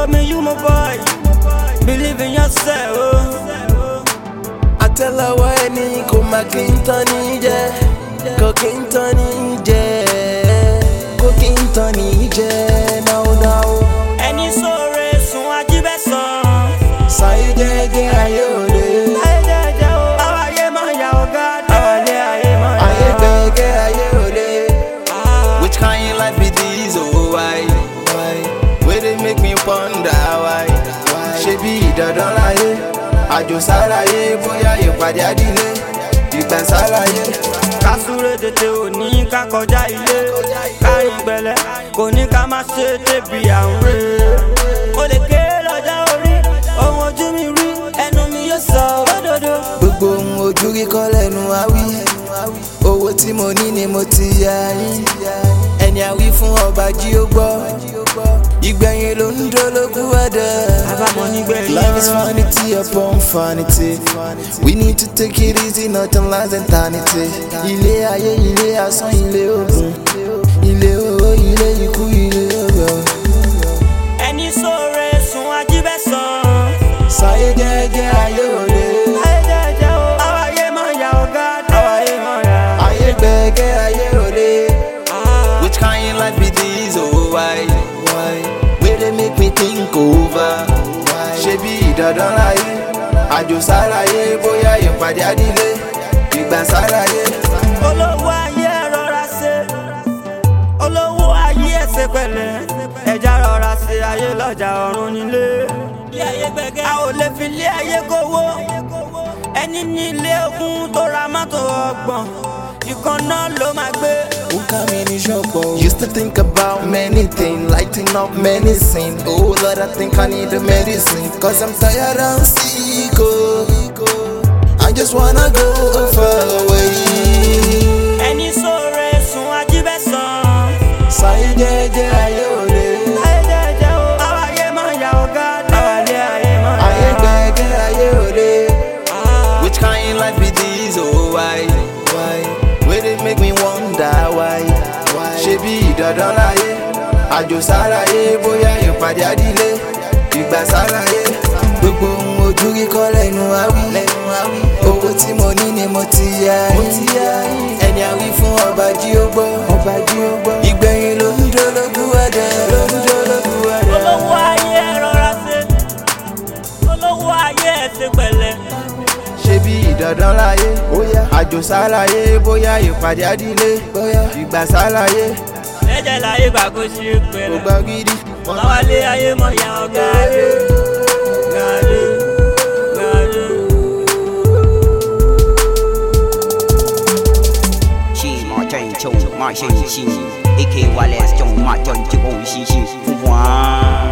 love me, you my boy. Believe in yourself. Oh. I tell her why ni ko ma Clinton ije, ko Clinton ije, ko Clinton ije now now. Ẹni sọ̀rọ̀ ẹ̀sùn ajíbẹ̀sán. Sọ ìjẹ́jẹ́ ayé òde. ìjọ̀dán láyé àjò sáráyé bóyá ìpàdé àdílé ìgbà sáráyé. ká súré tètè ò ní ká kọjá ilé káyìn gbẹlẹ kò ní ká má ṣe débi àwọn mo lè ké lọ́jà orí ohun ojú mi rí ẹnu mi yóò sọ òdodo. gbogbo ohun ojú rí kọ́ lẹ́nu àwí owó tí mo ní ni mo ti yá yín ẹni àwí fún ọba jí ó gbọ́ ìgbẹ̀yìn ló Life is vanity upon vanity. We need to take it easy, nothing less than vanity. Ilé ayé, ilé asán, ilé ogun. Ilé owó, ilé ikú, ilé. ìdandan láyé àjò sáráyé bóyá ìpàdé àdílé ìgbà sáráyé. olówó ayé rọra ṣe olówó ayé ẹsẹ pẹ̀lẹ́ ẹja rọra ṣe ayé lọ́jà ọ̀run nílé a ò lè fi lé ayé kówó ẹni ní ilé ogún tó ra mọ́tò ọgbọ̀n ìkan ló máa gbé. coming is your goal. Used to think about many things, lighting up many scenes. Oh Lord, I think I need a medicine. Cause I'm tired, I'm sick. I just wanna go far away. ọ̀dán láyé àjò sáráyé bóyá ìpàdé àdílé ìgbà sáráyé gbogbo ohun ojú rí kọ́ lẹ́nu àwí owó tí mo ní ni mo ti yá ẹni àwí fún ọba jí ó gbọ́ ìgbẹ̀yìn ló ń dó lójú ẹ̀dẹ̀ ló ń dó lójú ẹ̀dẹ̀. olówó ayé rọra ṣe olówó ayé ẹ ṣe pẹ̀lẹ́. ṣé bí ìdandan láyé àjò sáráyé bóyá ìpàdé àdílé ìgbà sáráyé. jẹ́jẹ́ láyé gbà kó ṣe pẹ̀lú. ọgbà gidi. báwálé ayé mọ̀ yà ọ̀gá rẹ̀ gàdé gàdé. ṣì máa jẹ́ ìjẹun máa ṣe ìṣìn èké wálẹ̀ ẹ̀ṣẹ̀ òun